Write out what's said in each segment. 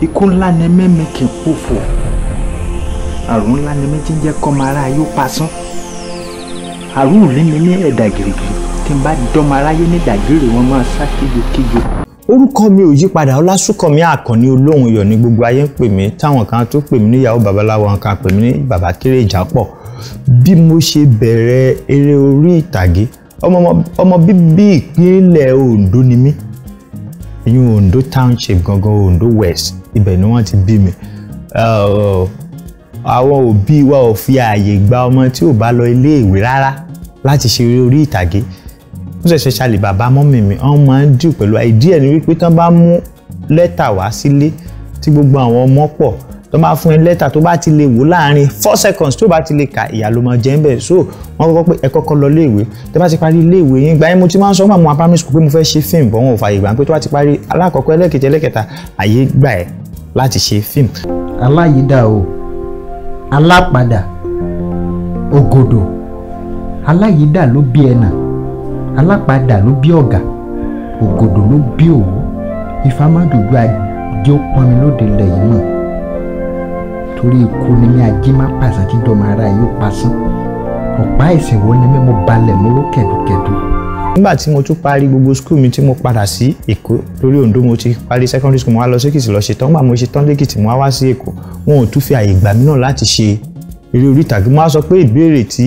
ikú ńlá ni mẹ́mi kì í pòfò àrùn ńlá ni méjì ń jẹ́ kọ́mọ aráyé ó pasán àrùn òní ni ní ẹ̀dà gírígírí tí n bá dọ́mọ aráyé ní ìdàgírí wọn máa sá kíjokíjo. orúkọ mi ò yípadà ọlásùnkànmí àkànní olóhùn iyọ̀ ní gbogbo ayé ń pè mí táwọn kan tó pè mí níyàwó babaláwo wọn kan pè mí ní bàbá kéré ìjápọ̀ bí mo ṣe bẹ̀rẹ̀ eré orí ìtàgé ọmọ bíbí ìpínlẹ̀ Oǹdó ni mí ìyún Ondo township gangan Ondo west ibẹ̀ ni wọ́n ti bí mi àwọn òbí wa ò fi ààyè gba ọmọ tí ò bá lọ iléèwé rárá láti ṣe eré orí ìtàgé mo ṣẹ̀ṣẹ̀ ṣàlè bàbá mọ́mì mi wọ́n máa ń dùn pẹ̀lú àìdí ẹ̀ ni wípé tán bá mú lẹ́tà wá sílé tí gbogbo àwọn ọmọ pọ̀ tó bá fún ẹ lẹ́tà tó bá ti lè wò láàrin four seconds tó bá ti lè kà ìyá ló máa jẹ́ ń so wọ́n kọ́kọ́ pé ẹ kọ́kọ́ lọ iléèwé tó bá ti parí iléèwé yín gba ẹ mo ti máa ń sọ fún àwọn primary school pé mo fẹ́ ṣe fíìmù bọ́ wọn ò fààyè gbà pé tó bá ti parí alákọ̀ọ́kọ́ ẹlẹ́kẹ̀jẹ ẹlẹ́kẹta àyè gbà ẹ láti ṣe fíìmù. aláyídà o alápàdà ògòdò aláyídà ló bí ẹnà alápàdà ló bí ọ̀gà ògòdò ló bí òwú ìfàmàdùgbò àjọpọnmi lóde lẹ́yìn náà torí ikú ni mí ajé má pàṣán tí dọ́mọ ara yìí ó pasán ọ̀pá ẹ̀sìn wo ni mí mo balẹ̀ mú ló kẹ̀dùkẹ̀dù. nígbà tí mo tún parí gbogbo skul mi tí mo padà sí èkó lórí Oǹdó mo ti parí secondary school mo wá lọ sékìtì lọ ṣe tán gbà mo ṣe tán lẹ́kìtì mo wá wá sí èkó wọn ò tún fi àyè gbà mí náà láti ṣe eré orí ìtàgé mo wá sọ pé ìbéèrè tí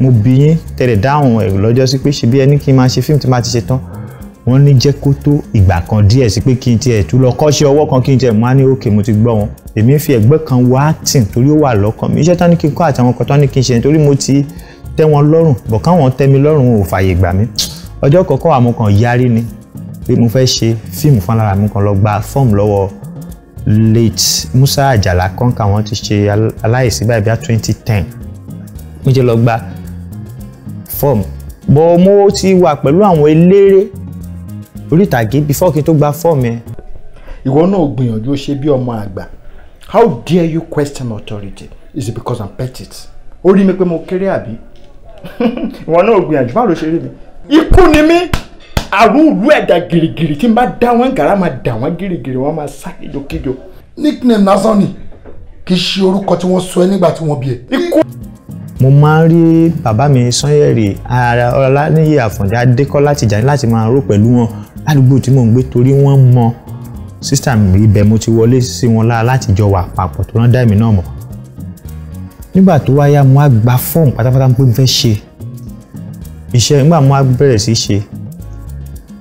mo bí yín tẹ̀lé dáhùn ẹ̀ lọ́jọ́ sí pé ṣe bí ẹni kí n máa ṣe fíìmù tí máa ti ṣe wọ́n ní jẹ́ kó tó ìgbà kan díẹ̀ sí pé kí n tiẹ̀ tún lọ kọ́ṣẹ́ ọwọ́ kan kí n tiẹ̀ mú á ní òkè mo ti gbọ́ wọn èmi ń fi ẹ̀gbẹ́ kan wá acting torí ó wà lọ́kàn mi iṣẹ́ tán ní kí n kọ́ àti àwọn kan tán ní kí n ṣe nítorí mo ti tẹ́ wọn lọ́rùn bọ̀ káwọn tẹ́ mi lọ́rùn ò fààyè gbà mí ọjọ́ kọ̀ọ̀kan wà mo kàn yarí ni pé mo fẹ́ ṣe fíìmù fúnra mi kan lọ gba fọ́ọ̀mù lọ́wọ́ late Musa Àjàlá kọ́ńkà wọn ti ṣe aláìsí báyìí bíá twenty ten mo ṣe lọ gba fọ́ọ̀mù bọ́ mo ti wà pẹ̀lú àwọn eléré orí ìtàgé before kí n tó gba fọ́ọ̀mù ẹ. ìwọ náà gbìyànjú ó ṣe bí ọmọ àgbà how dare you question authority is it because i'm petite ó rí mi pé mo kéré àbí ìwọ náà gbìyànjú báwo ló ṣe rí mi ikú ni mí àrùn ìlú ẹ̀dà gìrìgìrì tí n bá dá wọn gàrà máa dà wọn gìrìgìrì wọn máa sá kíjokíjo. nickname lásán ni kì í ṣe orúkọ tí wọ́n sọ ẹ́ nígbà tí wọ́n bí ẹ. ikú mo máa ń rí bàbá mi sanyẹ̀rì ara ọlọ́láníyì àfọ̀njá adékọ́lá tìjàní láti máa ró pẹ̀lú wọn ládùúgbò tí mò ń gbé torí wọ́n mọ sísítà mi ibẹ̀ mo ti wọlé sí wọn lára láti jọ wà papọ̀ tó rán dá èmi náà mọ̀ nígbà tó wáyá mo á gba fọ́ọ̀mù pátápátá pé mo fẹ́ ṣe iṣẹ́ nígbà mo á bẹ̀rẹ̀ sí ṣe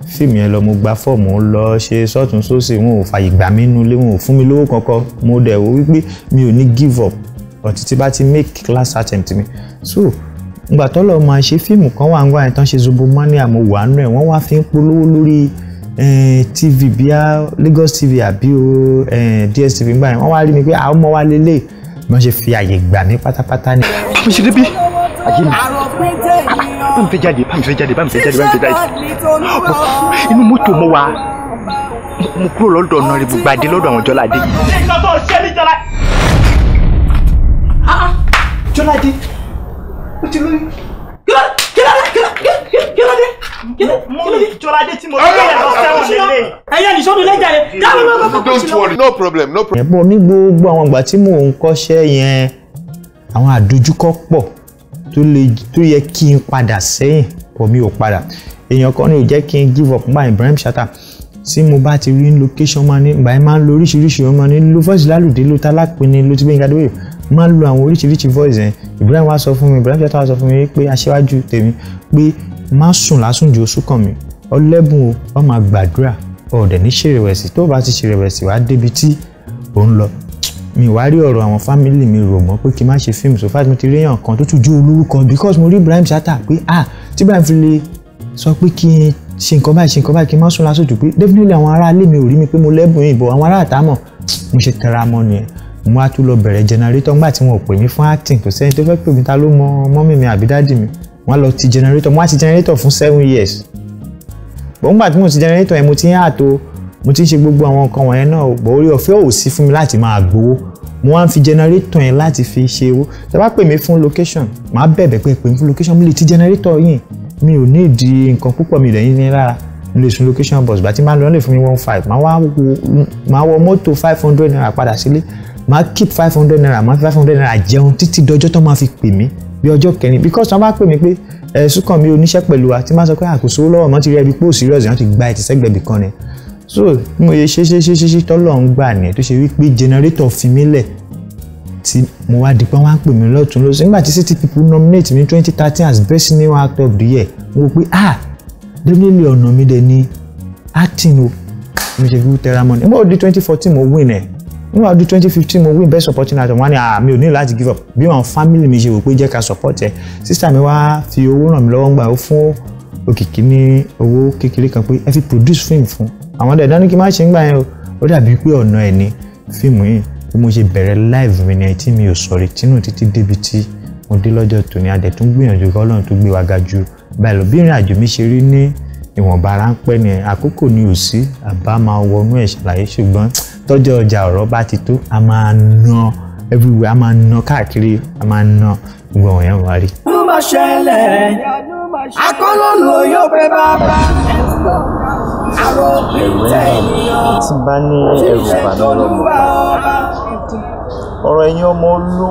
fíìmù yẹn lọ mo gba fọ́ọ̀mù ó lọ ṣe sọ́tún sósì wọn ò fàyè gbà mí nulẹ̀ wọn ò fún mi lówó kankan mo dẹ̀ wò wípé mi ò ní give up ọ̀tí tí bá ti make class attempt mi so ìgbà tó lọ́ọ́ máa ṣe fíìmù kan wà ń gbà yẹn tán ṣe Zubomania mo wà nù ẹ̀ wọ́n wá fi ń polówó lórí TV bíá Lagos TV àbí DSTV ńgbà yẹn wọ́n wá rí mi pé àwọn ọmọ wa lélẹ̀ bí wọ́n ṣe fi àyè gbà mí pátápátá ni. báwo ṣe débi ayé mi báwo fẹ́ jáde báwo fẹ́ jáde báwo fẹ́ jáde báwo fẹ́ jáde inú mọ́tò mo wà mo kúrò lọ́dọ̀ ọ̀nà rẹ̀ gbàdé lọ́dọ̀ àwọn jọládé. ṣé ìjọba ò ṣe é ní jọlá. Ah, ah. jọládé ó ti lóyún no problem no problem. ẹ̀bùn ní gbogbo àwọn ìgbà tí mò ń kọ́ṣẹ́ yẹn àwọn àdójúkọ pọ̀ tó yẹ kí n padà sẹ́yìn pọ̀ mi ò padà èèyàn kan ní ò jẹ́ kí n give up my Ibrahim Shatta tí mo bá ti rí location máa ní ìgbà yẹn máa ń lo oríṣiríṣi ọmọ ní lo fọ́ọ̀sì lálùdé ló tá lápẹ́ni ló máa ń lo àwọn oríṣiríṣi voice yẹn Ibrahim wa sọ fún mi Ibrahim ṣètò wá sọ fún mi pé aṣíwájú tèmi pé má sùn lásùn ju oṣù kàn mí ọlẹ́bùn o wọ́n máa gbàdúrà ọ̀dẹ̀ ní ṣèrèwẹ̀sì tó bá ti ṣèrèwẹ̀sì wá débi tí ò ń lọ mi wá rí ọ̀rọ̀ àwọn fámìlì mi rò mọ́ pé kí n má ṣe fíìmù so far ti rí èèyàn kan tó tún jó olórúkọ because mo rí Ibrahim Shatta pé ah tí Ibrahim fi lè sọ pé kí n ṣe nǹkan báyìí ṣe nǹkan báyìí kí n má sún lásòjù pé definitely àwọn ará ilé mi ò rí mi pé mo lẹ́bùn ìbò àwọn ará àtàmọ̀ mo ṣe tẹra mọ́ nìyẹn mo wá tún lọ bẹ̀rẹ̀ jẹnẹrétọ̀ ńgbà tí wọn ò pè mí fún acting kò sẹ́ni tó fẹ́ pè mí ta ló mọ mọ́mì mi àbí dáàdì mi wọ́n lọ ti jẹnẹrétọ̀ mo wá ti jẹnẹrétọ̀ fún seven years bọ́n ńgbà tí mo ti jẹnẹrétọ̀ yẹn mo ti ń àtò mo ti ń ṣe gbogbo àwọn nǹkan wọ̀nyẹn náà bọ̀ orí ọ̀fẹ́ ò sí fún mi láti máa gbowó mo wá ń fi jẹnẹrétọ̀ yẹn láti fi ṣe owó tẹ bá pè mí fún location màá bẹ̀bẹ̀ pé pè mí fún location mo lè ti jẹnẹrétọ̀ yìí mi ò ní ìdí nǹkan púpọ̀ mi lẹ́yìn ní rárá n lè sun location bus bàtí máa lọ lè fún mi one five máa wọ mọ́tò five hundred naira padà sílé máa keep five hundred naira máa fi five hundred naira jẹun títí dọjọ́ tó máa fi pè mí bí ọjọ́ kẹrin because wọ́n bá pè mí pé ẹ eh, sùkàn mi oníṣẹ́ pẹ̀lú wa tí máa sọ pé àkóso ah, lọ́wọ́ mọ́ ti rí ẹbí pé ò serious yẹn ti gba ẹ̀ ti sẹ́gbẹ̀ẹ́ bìkan ni so mo yẹ ṣe ṣe ṣe ṣe ṣe tọ́lọ̀ ń gbà ní ẹ̀ tó ṣe wípé generator fi mí lẹ̀ tí mo wá di pé wọ́n á pè mí lọ́tún lọ́sí nígbà tí city people nominate mi twenty thirteen as best new actor of the year mo wò pé ah definitely ọ̀nà mi dẹ̀ ni acting o mo ṣe fi tẹra mọ́ ni mo di twenty fourteen mo win ẹ̀ níwájú ọdún twenty fifteen mo win best supporting actor wọn ni ah, mi ò ní láti give up bí wọn family mi ṣe wò pé jẹ́ ká support ẹ sister mi wá fi owó ràn mí lọ́wọ́ ńgbà ó fún Òkìkí ní owó kékeré kan pé ẹ fi produce film fún àwọn ọ̀dọ̀ ìdánilókè má ṣe ń gbà yẹn o ó dàbí pé ọ̀nà ẹ̀ ni fíìmù yìí bí mo ṣe bẹ̀rẹ̀ live mi ni ẹ̀ tí mi ò sọ̀rọ̀ tínú títí débi tí mo dé lọ́jọ́ tòní adẹ̀ tún gbìyànjú kọ́ Ọlọ́run tó gbé wa ga ju báyìí lọ bí ìrìn àjò mi ṣe rí ní ìwọ̀nba ráńpẹ́ ni àkókò ni ò sí àbá máa wọnú ẹ̀ ṣàlàyé ṣùgbọ́n tọ́jọ́ ọjà ọ̀rọ̀ bá ti tó a máa ná everywhere a máa ná káàkiri a máa ná gbogbo àwọn èèyàn wa rí. ló bá ṣẹlẹ̀ akọ́lọ́lọ́ yóò fẹ́ bá bá àwọn òbí tẹ̀ ènìyàn tí bá ní ẹrù ìbànújẹ́ ọ̀rọ̀ ẹ̀yin ọmọ olówó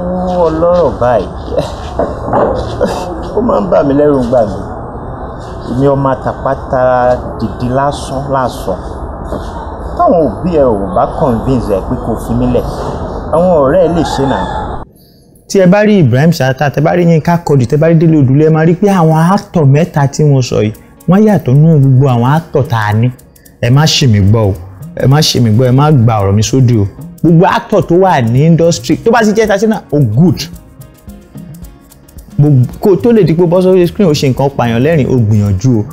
ọlọ́rọ̀ báyìí ó máa ń bà mí lẹ́rù gbà èmi ọmọ àtàpátá dìdí lásán lásán táwọn òbí ẹ ò bá convince ẹ pé kò fi mí lẹ̀ àwọn ọ̀rẹ́ ẹ lè ṣe náà. tí ẹ bá rí Ibrahim Shatta tẹ bá rí Yínká Quadri tẹ bá rí Délé Odùlé ẹ máa rí pé àwọn àtọ̀ mẹ́ta tí wọ́n sọ yìí wọ́n yàtọ̀ nínú gbogbo àwọn àtọ̀ tá a ní ẹ má ṣì mí gbọ́ o ẹ má ṣì mí gbọ́ ẹ má gba ọ̀rọ̀ mi sódì o gbogbo àtọ̀ tó wà ní industry tó bá sì jẹ́ tasí náà o good kó tó lè di pé bọ́ sórí screen ó ṣe nǹkan pààyàn lẹ́rìn ó gbìyànjú o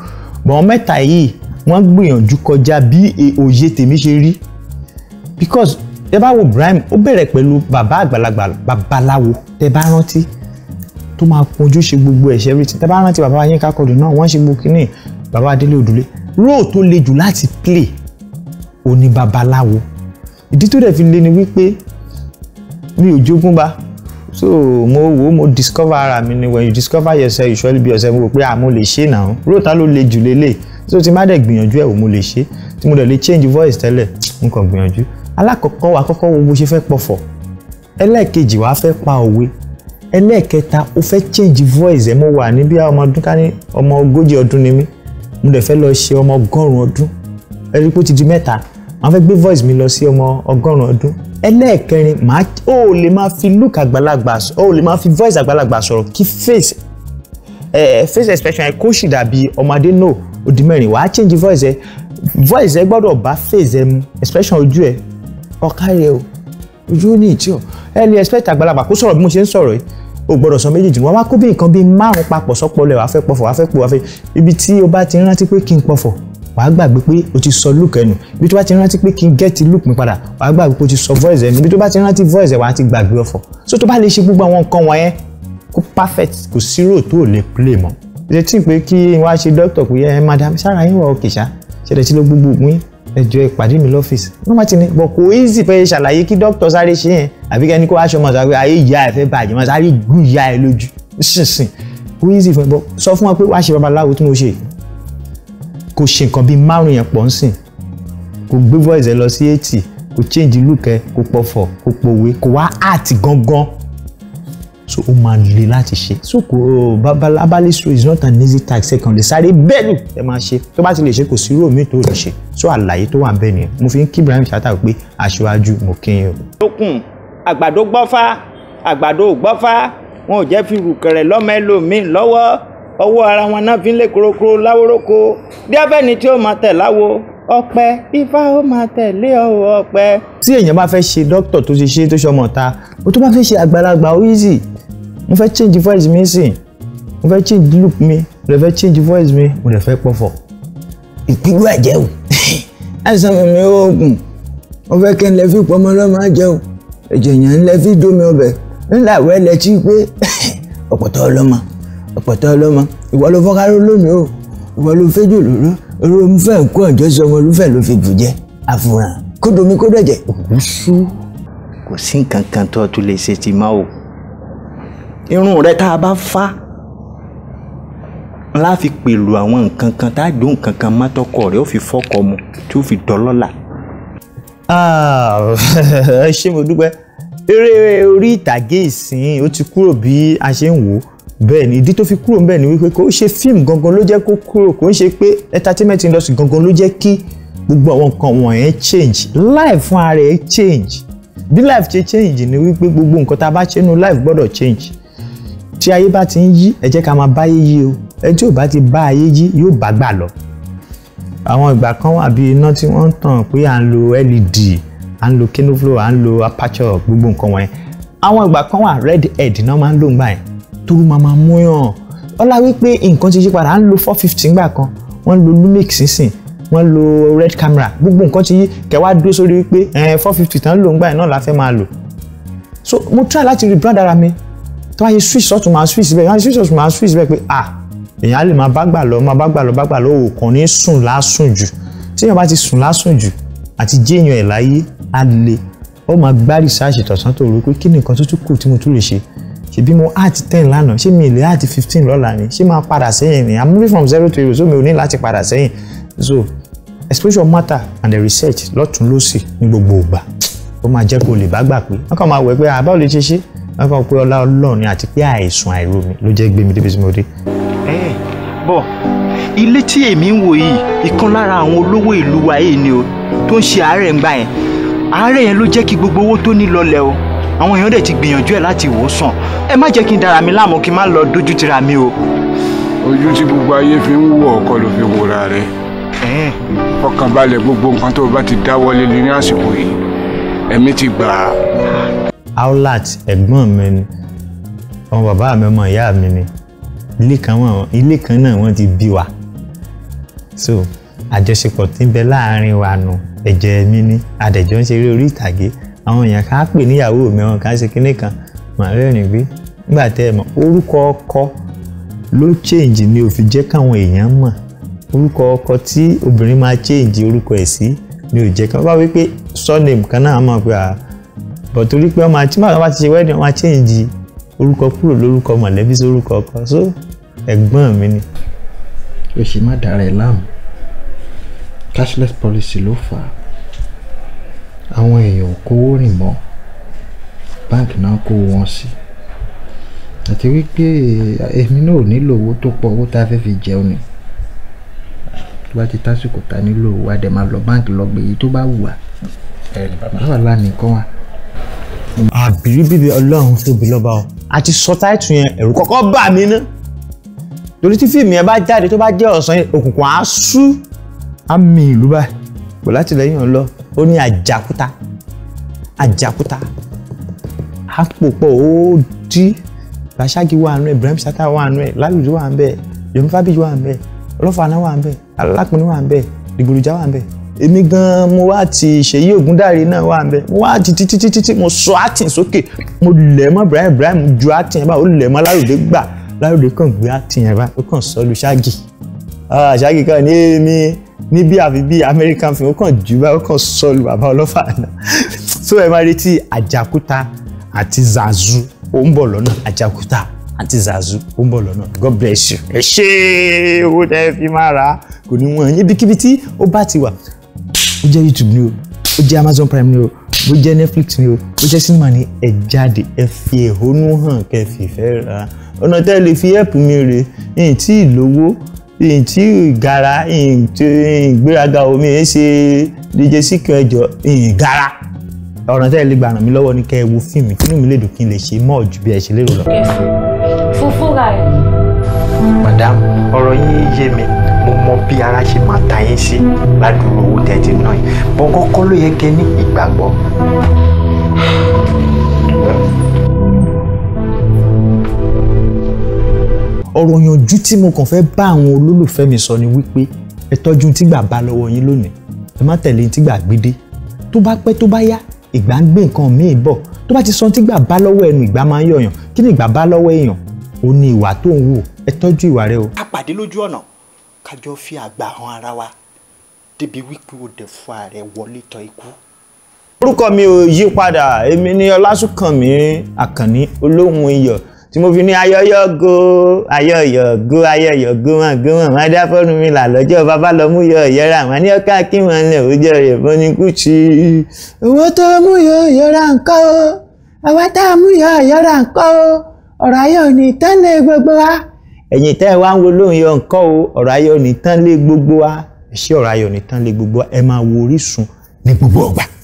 bọ̀n mẹ́ta yìí wọ́n gbìyànjú kọjá bí òye tèmi ṣe rí because tẹ bá wo Ibrahim ó bẹ̀rẹ̀ pẹ̀lú bàbá àgbàlagbà babaláwo tẹ bá rántí tó máa kunjú ṣe gbogbo ẹ̀ṣẹ̀ rí tẹ bá rántí bàbá Yínká Kọ́dù náà wọ́n ṣe gbogbo kínní bàbá Délé Òdùlé róò tó le jù láti play òní babaláwo ìdí tó dẹ̀ fi le ni wípé mi ò jogún bá so mo wo mo discover ara mi ni when you discover yourself you surely be yourself mo rò pé ah mo lè ṣe náà róòtá ló le jù lélẹ̀ so tí má dẹ̀ gbìyànjú ẹ̀ o mo lè ṣe tí mo dẹ̀ lè change voice tẹ́lẹ̀ mo kàn gbìyànjú alákọ̀ọ́kọ́ wa kọ́kọ́ wo bó ṣe fẹ́ pọ̀fọ̀ ẹlẹ́ẹ̀kejì wa fẹ́ pa òwe ẹlẹ́ẹ̀kẹta o fẹ́ change voice ẹ̀ mo wà ní bí ọmọ ọdún ká ní ọmọ ogójì ọdún ni mí mo dẹ̀ fẹ́ lọ ṣe ọmọ ọgọ́rùn-ún ọdún ti di mẹ́ta màá fẹ́ gbé voice mi lọ sí ọmọ ọgọ́rùn-ún ẹlẹ́ẹ̀kẹrin màá ó lè máa fi look àgbàlagbà ó lè máa fi voice àgbàlagbà sọ̀rọ̀ kí face eh, face expression ẹ kó sì dàbí ọmọdé náà ó di mẹ́rin wàá change voice ẹ voice ẹ gbọ́dọ̀ bá face ẹ mu expression ojú ẹ ọ̀kárẹ̀ o ojú ní ìtì ọ ẹ lè expect àgbàlagbà kó sọ̀rọ̀ bí mo ṣe ń sọ̀rọ̀ yìí o gbọ́dọ̀ sọ méjèèjì wọn wá kó bí nǹkan bíi márùn papọ̀ sọpọlẹ wàá fẹ́ pọ̀fọ̀ wàá fẹ́ pò wàá fẹ́ ibi tí o bá ti rántí pé kí n pọ̀fọ̀ wàá gbàgbé pé o ti sọ look ẹnu bí tó bá ti rántí pé kí n gẹ́ẹ̀tì look mi padà wàá gbàgbé pé o ti sọ voice ẹnu bí tó bá ti rántí voice ẹ wàá ti gbàgbé ọ̀fọ̀ so tó bá lè ṣe gbogbo àwọn nǹkan wọ̀nyẹn kó perfect kò sí tó lè play mọ́ ṣe tí pé kí n wá ṣe doctor kò yẹ ẹ madam sára yín wọ òkè ṣá ṣẹlẹ̀ tí ló gbogbo ògùn yín ẹjọ́ ìpàdé mi lọ́fíìsì nọ́mbà tí ni bọ̀ kò easy fẹ́ ṣàlàyé kí dókítà sáré ṣe yẹn àbí kẹ́ni kó aṣọ mọ̀ sáré ayé ìyá ẹ̀ fẹ́ bàjẹ́ mọ̀ sáré gùn ìyá ẹ̀ lójú ṣìnṣìn kò easy fún ẹ sọ fún wa pé wàá ṣe babaláwo tí mo ṣe kó ṣe nǹkan bíi márùn yẹn pọ̀ ń sìn kó gbé voice ẹ lọ sí eighty kó change look ẹ kó pọfọ̀ kó pòwe kó wá art gangan so ó máa le láti ṣe so kò babalabali stroke is not an easy task ẹ kàn lè sáré bẹ́ẹ̀ ni ẹ máa ṣe tó bá ti lè ṣe kò sí róòmì tó lè ṣe so àlàyé tó wà bẹ́ẹ̀ nìyẹn mo fi ń kí Ibrahim Chatta pé aṣáájú mo kí yín o. lókun àgbàdo gbọ́fà àgbàdo gbọ́fà wọn ò jẹ́ fi rùkẹ̀rẹ̀ lọ́mọ ẹlòmíì lọ́wọ́ ọwọ́ ara wọn náà fi ń lé korokoro láwóróko díábẹ́ni tí ó máa tẹ̀ láwo ọpẹ ifá ó máa tẹ̀lé ọwọ́ ọpẹ. tí èèyàn bá fẹ́ ṣe dókítà tó ṣe ṣe tó ṣọmọ ta o tó bá fẹ́ ṣe àgbàlagbà ó easy mo fẹ́ change voice mi sìn mo fẹ́ change look mi mo lè fẹ́ change voice mi mo lè fẹ́ pọ̀fọ̀. ìpínlú àjẹ́ o àìsàn mi ò gùn mo fẹ́ kí n lè fi pọmọ lọ́mọ àjẹ́ o ẹ̀jẹ̀ yẹn ń lè fi dómi ọbẹ̀ ńlá àwẹ̀ lè ti pé ọ̀pọ̀tọ̀ ọlọ́mọ ọ̀pọ̀tọ́ ọlọ́mọ ìwọ ló fọ́káró lónìí o ìwọ ló fẹ́jọ́ lóró olùfẹ́ nǹkan ọ̀jọ́ sọ ọmọ olùfẹ́ ló fi jù jẹ àfùràn kó domi kó dẹ̀jẹ̀. òun sú kò sí nǹkan kan tó tún lè ṣe ti máa o irun rẹ tá a bá fá ńlá fi pẹ̀lú àwọn nǹkan kan tá a dùn nǹkan kan mọ́tọ́kọ rẹ ó fi fọ́kọ mu tí ó fi dọ́lọ́là. Ah, ẹ ṣé mo dúpẹ́ eré orí ìtàgé ìsìn ó ti kúrò bí a ṣe ń wò ó bẹ́ẹ̀ ni ìdí tó fi kúrò bẹ́ẹ̀ ni wípé kò ń ṣe fíìmù gangan ló jẹ́ kó kúrò kò ń ṣe pé entertainment industry gangan ló jẹ́ kí gbogbo àwọn nǹkan wọ̀nyẹn change life fún ara ẹ̀ change bí life ṣe change ni wípé gbogbo nǹkan tá a bá ṣe nu life gbọ́dọ̀ change tí ayé bá ti ń yí ẹ jẹ́ ká máa bá ayé yí o ẹ tí ò bá ti bá ayé yí yóò bá gbà lọ. àwọn ìgbà kan wà bí iná tí wọ́n ń tàn pé à ń lo led à ń lo kenoflow à ń lo aperture gbogbo nǹkan wọ̀nyẹn àwọn ìgbà kan wà red head náà máa ń lò ń yẹn torú màmá múyàn ọlá wípé nǹkan ti yí padà à ń lo four fifteen ngbà kan wọ́n lo lumix sísìn wọ́n lo red camera gbogbo nǹkan ti yí kẹwàá dúró sórí wípé four fifty tán ló ń gbà yẹn náà la fẹ́ máa lò so mo try láti rebrand ara mi tó wáyé switch sọ́tún máa switch bẹ́ẹ̀ wáyé switch sọ́tún máa switch bẹ́ẹ̀ pé ah èèyàn á lè máa bá gbà lọ máa bá gbà lọ bá gbà lọ ò ní sùn lásùn jù tí èèyàn bá ti sùn lásùn jù àti jéèyàn ẹ̀ láyé á le ó máa gbá research tọ̀sán tòru pé kí ni nǹkan tó tún kù tí mo tún lè ṣe ṣèbí mo áàtì ten lánàá ṣé mi lè áàtì fifteen lọ́la ni ṣé máa padà sẹ́yìn ni i'm moving from zero to hero so mi ò ní láti padà sẹ́yìn so exposure matter and the research lọ́tún lọ́sì ní gbogbo ìgbà ó máa jẹ́ kó lè bá gbà pé wọ́n kàn máa wẹ̀ pé àbá ò lè ṣe ṣe wọ́n kàn pé ọlá ọlọ́run àti pé àìsùn àìró mi ló jẹ́ gbé mi débi tí mo dé. ẹ ẹ bọ ilé tí èmi ń wò yìí ìkan lára àwọn olówó ìlú wa yìí ni o tó ń ṣe àárẹ̀ ń yẹn àárẹ̀ yẹn ló jẹ́ kí gbogbo owó tó ní lọlẹ̀ o àwọn èèyàn dẹ̀ ti gbìyànjú ẹ̀ láti wò ó sàn ẹ má jẹ́ kí n dára mi láàmú kí n má lọ dójú tira mi o. ojú tí gbogbo ayé fi ń wò ọkọ ló fi wòra rẹ ọkàn balẹ̀ gbogbo nǹkan tó o bá ti dáwọ́lé lé ní àsìkò yìí ẹ̀mí ti gbà á. outlet ẹ̀gbọ́n mi ni ọmọ bàbá mi ọmọ ìyá mi ni ilé kan náà wọ́n ti bí wa so àjọṣepọ̀ tí ń bẹ láàrin wa nù ẹ̀jẹ̀ mi ni adẹ̀jọ́ ń ṣeré orí ìtàgé àwọn èèyàn ká pè níyàwó mi àwọn kan ṣe kinní kan màá rẹ́rìn bí nígbà tẹ́ ẹ mọ̀ orúkọ ọkọ ló change ni ò fi jẹ́ káwọn èèyàn mọ̀ orúkọ ọkọ tí obìnrin máa change orúkọ ẹ̀ sí ni ò jẹ́ káwọn bá wípé surname kan náà mọ̀ pé à bọ̀ torí pé ọmọ àti ti ṣe wedding ọmọ change orúkọ kúrò lórúkọ mọ̀lẹ́bí sí àwọn èèyàn kówó rìn mọ́ báǹkì náà kó wọn sí àti wípé èmi náà ò nílò owó tó pọ̀ owó tá a fẹ́ fi jẹun ni tó bá ti tásìkò ta nílò owó àdè máa lọ báǹkì lọ gbèyí tó bá wù wá báwa la nìkan wa. àbírí bíbi ọlọ́run tóbi lọ́ba o àti sọ táìtù yẹn ẹ̀rù kọ́kọ́ bà mí ná torí tí fíìmù yẹn bá jáde tó bá jẹ́ ọ̀sán òkùnkùn àásù á mi ìlú báyìí pọ̀ látìlẹ́yìn ọlọ́ọ̀ ó ní àjàkúta àjàkúta àpòpọ̀ ó dí Rasaki wà nù ẹ̀ Ibrahim Sata wà nù ẹ̀ Lálùjọ wà nù ẹ̀ Yomi Fabiyi wà nù ẹ̀ Ọlọ́fààná wà nù ẹ̀ Alápinnu wà nù ẹ̀ Dìgbòlùjà wà nù ẹ̀ èmi gan mo wá ti Ṣèyí Ògúndáre náà wà nbẹ mo wá ti títí mo sọ àtìn sókè mo lẹ̀ mọ́ Ibrahim Ibrahim ju àtìn yẹn báyìí ó lẹ̀ mọ́ Láròdé gbà Láròdé kàn gbé àtìn yẹn báyìí ó kàn sọ lu Ṣáàgì ah, Ṣáàgì kan ní èmi níbí àfi bí American film ó kàn jù bá ó kàn sọlù bàbá ọlọ́fà náà so ẹ máa retí àjàkúta àti zazu ó ń bọ̀ lọ́nà àjàkúta àti zazu ó ń bọ̀ lọ́nà god bless you ẹ ṣe owó tẹ́ ẹ fi máa ra kò ní wọ́n ibikíbi tí ó bá ti wà ó jẹ́ YouTube ni o ó jẹ́ Amazon Prime ni o bó jẹ́ Netflix ni o bó jẹ́ cinema ni ẹ jáde ẹ fi ẹ̀hónú hàn kẹ́ fi fẹ́ ra ọ̀nà tẹ́ fi help mi rè ní tí ì lówó ntí ìgara ìgbéraga omi ẹ ṣe DJ Síkì ẹjọ ìgara ọ̀ràn tẹ́lẹ̀ lè gbà ràn mí lọ́wọ́ ní kẹ́ ẹ wo fíìmù kí inú mi lè dùn kí n lè ṣe mọ́ ju bí ẹ ṣe lérò lọ. fúnfúnra ẹ. madam ọ̀rọ̀ yín yé mi mo mọ bí ara ṣe máa ta yín sí ládùúgbò owó tẹ̀tì náà yìí bọ́ńkọ́kọ́ ló yẹ kẹ́ ní ìgbàgbọ́ ọ̀rọ̀ yanjú tí mo kàn fẹ́ bá àwọn olólùfẹ́ mi sọ ni wípé ẹ tọ́jú tí gbà bá lọ́wọ́ yín lónìí ẹ má tẹ̀lé tí gbà gbédé tó bá pẹ́ tó bá yá ìgbà ń gbé nǹkan míì bọ̀ tó bá ti sọ tí gbà bá lọ́wọ́ ẹnu ìgbà máa ń yọ̀yàn kí ni ìgbà bá lọ́wọ́ èèyàn ó ní ìwà tó ń wò ẹ tọ́jú ìwà rẹ o. ká pàdé lójú ọ̀nà kájọ fi àgbà han ara wa débi wípé o dẹ̀ fún ààrẹ wọlé tọ́ ikú. orúkọ mi ò yí padà èmi ni ọlásùnkànmí àkànní olóhùn iyọ̀ tí mo fi ní go ayọyọgo go wọn go wọn wọn dá fọnù mi là lọ́jọ́ bàbá lọ mú yọ ìyẹra wọn ní ọkà kí wọn lè òjò rẹ fún ní kùchì. owó tó mú yọ ìyẹra nǹkan o àwa tá a mú yọ ìyẹra nǹkan o ọ̀rọ̀ ayé ò ní tán lé gbogbo wa. ẹ̀yin tẹ́ ẹ wá ń wo lóun yọ nǹkan o ọ̀rọ̀ ayé ò ní tán lé gbogbo wa ẹ ọ̀rọ̀ ayé ò ní tán lé gbogbo wa ẹ máa wo Orísun ní gbogbo ọgbà.